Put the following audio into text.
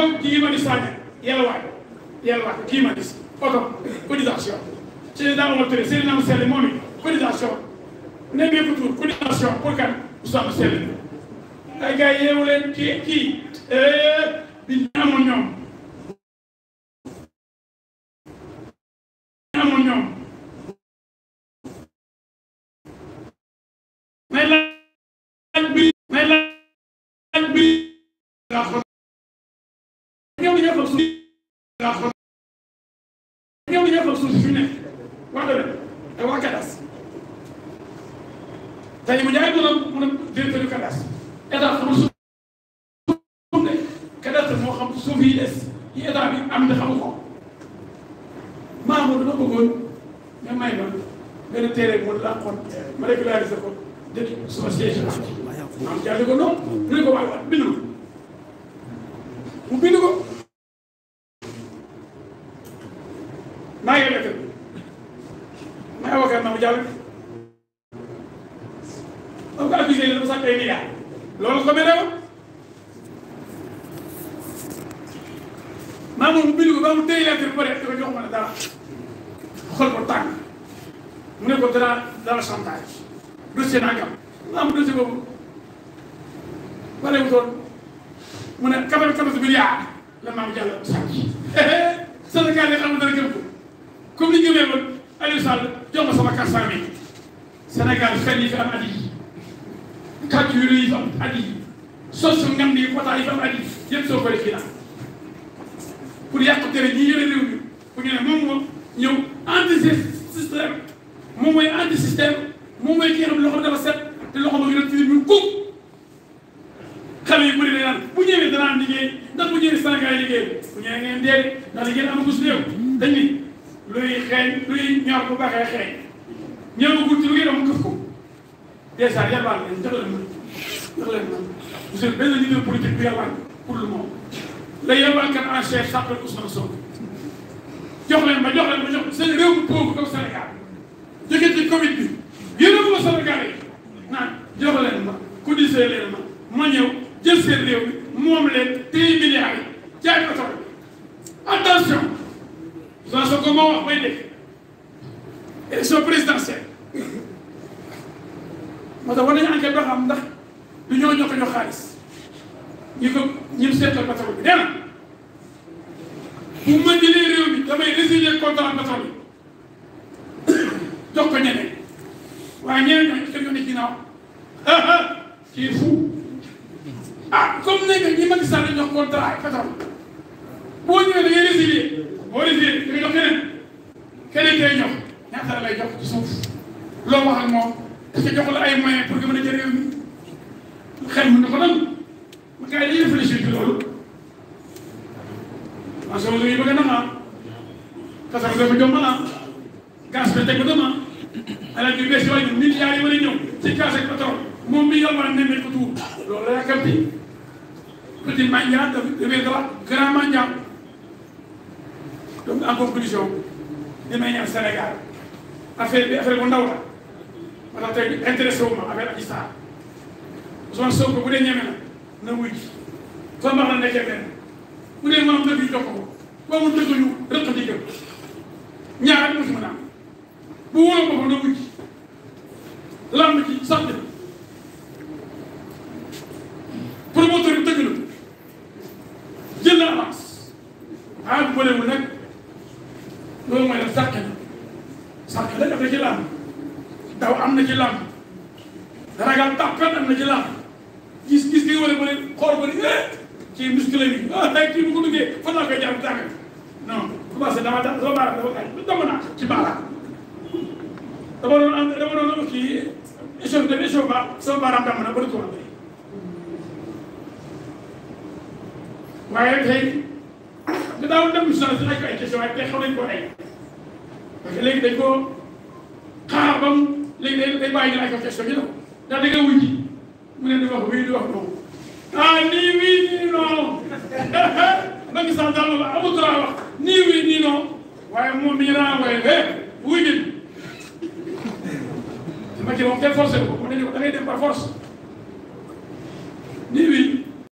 moom kii ma gis saa ñu yàlla waay yàlla waay kii ma gis oto cotisation. Seydina Omar Touré Seydina Moussa Seye moom it cotisation ne bii tuur cotisation pour kan Ousmane Seye ay gars yeewu leen kii kii eh, bi ñu amoon ñoom. ñu amoon ñoom. may laaj bi may laaj bi. nga xam ñëw ñëpp suuf su nekk wax dëgg te waa Kadas tey mu jaay dina mun a directeur yu Kadas état xamul suuf ne Kadas moo xam suuf yi des yi état bi am na xamu ko maamu dama bëggoon nga may ma benn téere mu làqoon ma régularisé ko dëkk sama siège am jaay ko noonu mu ne ko waay waay bindu ko mu bind ko Ababacar Mamadou Diallo bi ba ko accusé la dafa sàcc ay milliards loolu ko mere woon maamoom mu bind ko ba mu téye lettre ba pare dafa jox ma ne dara xol ko tàng mu ne ko dara dara chantage dossier nangam maam dossier boobu wala mu toon mu ne quatre-vingt-quatorze milliards la maam Diallo sàcc eh, eh, Sénégal yi xam dara gëm ko comme li gëmee woon Aliou Sall jox ma sama 400000 Sénégal fenn yi fi am at yii kàddu yu yi fi am at yii sos ngam yi potaay yi fi am at yii soo ko def fii pour yàq tere ñi yore réew mi bu anti système moom mooy anti système moom mooy ki nga xam loxo dafa set te loxo ba nga doon tilim ñun kuk xale yu bëri naan bu ñëwee danaan liggéey ndax bu ñëwee Sénégal liggéey bu ñëwee ngeen dee ndax li ngeen amagu su réew dañ ni luy xeeñ luy ñor bu baaxee xeeñ ñëwagul ci lu yaram këf ko dèjà yalwaan ngeen ndax leen mën ndax leen mën vous êtes benn leader politique bu yalwaan pour le moment la yalwaankat en chef s'appelle Ousmane Sonko jox leen ma jox leen ma jox seen réew bu pauvre comme Sénégal jóge ci Covid bi yéen a Sénégal yi naan jox leen ma cotiser leen ma ma ñëw jël seen réew mi moom leen téye milliards yi jaay ko attention Ousmane Sonko moo wax may dégg élection présidentielle moo tax war nañu enquête ba xam ndax du ñoo ko jox xaalis ñu ko ñim seetal pétrole bi nee na bu ma jëlee réew mi damay résilier contrat pétrole bi jox ko ñeneen waaye ñeneen ñoo xam ne ginnaaw kii fou ah comme ne ñi Macky Sall jox contrat pétrole boo ñëwee da ngay résilier boo defee da nga jox keneen keneen kay jox la lay jox ci suuf loo wax ak moom dafa jox la ay moyens pour nga a ko nangu ma gars yi dañuy réfléchir ci loolu en ce moment dañuy bëgg a ah. bi teg ko dama alal bi bees yi wàññi milliards yi war a ñëw ci gaz ak pétrole moom mi a nemmee donc en conclusion damay ñëw Sénégal affaire bi affaire bu ndaw la ma tax tey intéressé wu ma affaire Adji Sarr Ousmane Sonko bu dee ñeme na na wuy ji kon ma xam ne nekkee benn bu dee moom dëgg yi jox ko boo mu dëgg ñu rëq di jëm ñaar ak mos mën a am bu wóoroo boppam na wuy ji lamb ci sax loolu mooy nag sàq na sàq na am na ci làmb daw am na ci làmb ragal tàppet am na ci làmb gis gis nga wala ba ne xool ba ne eh, ci muscle bi ah day kii bu ko duggee fan laa koy jàpp tànk non commencé dama da sama baaraam dafa gaañ dama naa ci baaraam dama doon am dama doon kii échauffé dem échauffé sama baaraam damm na ba du ko waaye tey nga daawoon dem émission dinañ ko ay question waaye tey xaw nañ ko ay parce que léegi dañ koo xaar ba mu léegi day day bàyyi ñu laaj ko question ñu ne ko ndax da nga ne di wax wii di wax noonu ah nii wii nii noonu Macky Sall daal la amul droit wax wii nii noonu waaye moom mi ñu naan waaye eh ne ñu ko da ngay